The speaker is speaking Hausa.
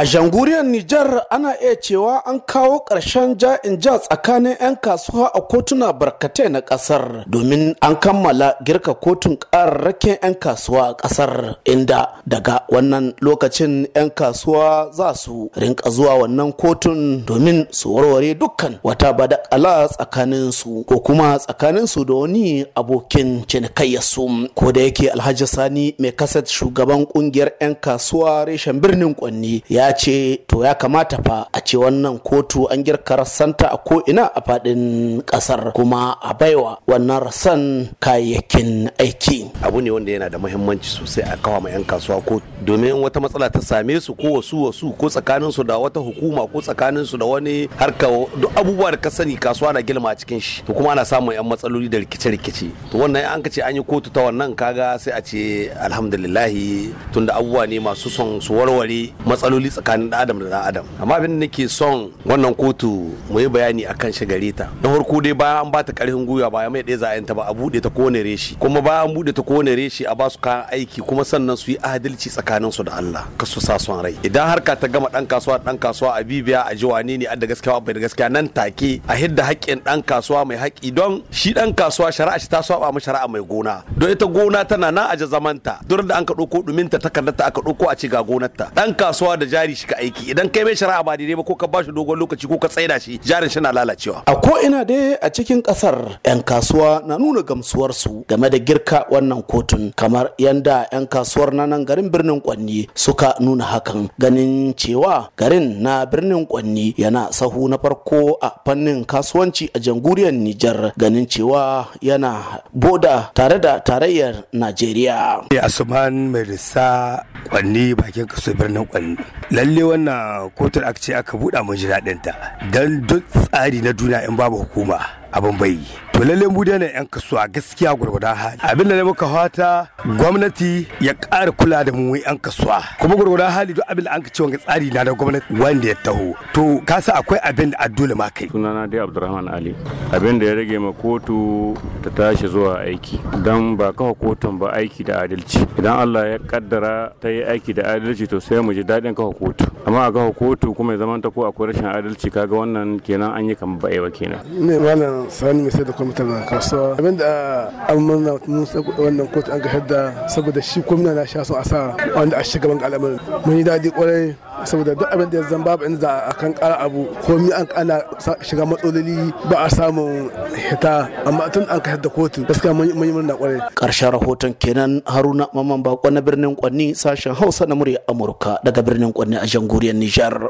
A janguriyar Nijar ana iya cewa an kawo ƙarshen ja'in ja tsakanin 'yan kasuwa a kotuna barkatai na ƙasar domin an kammala girka kotun ƙararrakin 'yan kasuwa a ƙasar inda daga wannan lokacin 'yan kasuwa za su rinka zuwa wannan kotun domin su warware dukkan wata ala tsakanin su ko kuma tsakanin su da wani abokin cinikayyarsu ko da yake Alhaji Sani mai kaset shugaban kungiyar 'yan kasuwa reshen birnin Kwanni ya ce to ya kamata fa a ce wannan kotu an girka rassanta a ko'ina a faɗin kasar kuma a baiwa wannan rassan kayayyakin aiki abu ne wanda yana da muhimmanci sosai a kawo ma 'yan kasuwa ko domin wata matsala ta same su ko wasu wasu ko tsakanin su da wata hukuma ko tsakanin su da wani harka duk abubuwa da ka sani kasuwa na girma a cikin shi to kuma ana samun 'yan matsaloli da rikice-rikice to wannan an ka ce an yi kotu ta wannan kaga sai a ce alhamdulillahi tunda abubuwa ne masu son su warware matsaloli tsakanin da adam da da adam amma abin da nake son wannan kotu mu yi bayani akan shi gare ta na farko dai bayan an bata karfin gwiwa ba mai ɗaya za a ta ba a buɗe ta kowane reshi kuma bayan an bude ta kowane reshi a ba su kayan aiki kuma sannan su yi adalci tsakanin su da Allah ka su sa son rai idan har ka ta gama dan kasuwa dan kasuwa a bibiya a ji wani ne da gaskiya bai da gaskiya nan take a hidda haƙƙin dan kasuwa mai haƙƙi don shi dan kasuwa shari'a shi ta saba mu shari'a mai gona don ita gona tana nan a zamanta duk da an ka ɗauko ɗuminta takardar ta aka ɗauko a ci ga gonarta dan kasuwa da jari jari shi ka aiki idan kai mai shari'a ba daidai ba ko ka shi dogon lokaci ko ka tsaida shi jarin shi na lalacewa a ko ina dai a cikin kasar yan kasuwa na nuna gamsuwar game da girka wannan kotun kamar yanda yan kasuwar na nan garin birnin Kwanni suka nuna hakan ganin cewa garin na birnin Kwanni yana sahu na farko a fannin kasuwanci a jamhuriyar Nijar ganin cewa yana boda tare da tarayyar Najeriya. Asuman Melissa Kwanni bakin kaso birnin Kwanni. lalle wannan kotar akce ce aka buɗa mun jiraɗinta don duk tsari na duniya in babu hukuma abin bai to lalle mu daina ne yan kasuwa gaskiya gurgudan hali abinda ne muka fata gwamnati ya ƙara kula da mu yan kasuwa kuma gurgudan hali duk abin da an ce wanga tsari na da gwamnati wanda ya taho to ka kasa akwai abin da dole ma kai sunana dai Abdurrahman Ali abin da ya rage ma kotu ta tashi zuwa aiki dan ba kawa kotun ba aiki da adalci idan Allah ya kaddara ta yi aiki da adalci to sai mu ji daɗin kawa kotu amma a kawa kotu kuma ya zamanta ko akwai rashin adalci kaga wannan kenan an yi kan ba kenan ne malam sani mai sai da mutum kasuwa abin da uh, an murna wannan kotu an ga hadda saboda shi gwamna na sha son a sa wanda a shugaban al'amarin mun yi daɗi kwarai saboda duk abin da ya zan babu inda za a kan kara abu komi an kana shiga matsaloli ba a samu hita amma tun an kashar hadda kotu gaskiya mun yi murna kwarai ƙarshen rahoton kenan haruna maman bako na birnin kwanni sashen hausa na murya amurka daga birnin kwanni a jamhuriyar nijar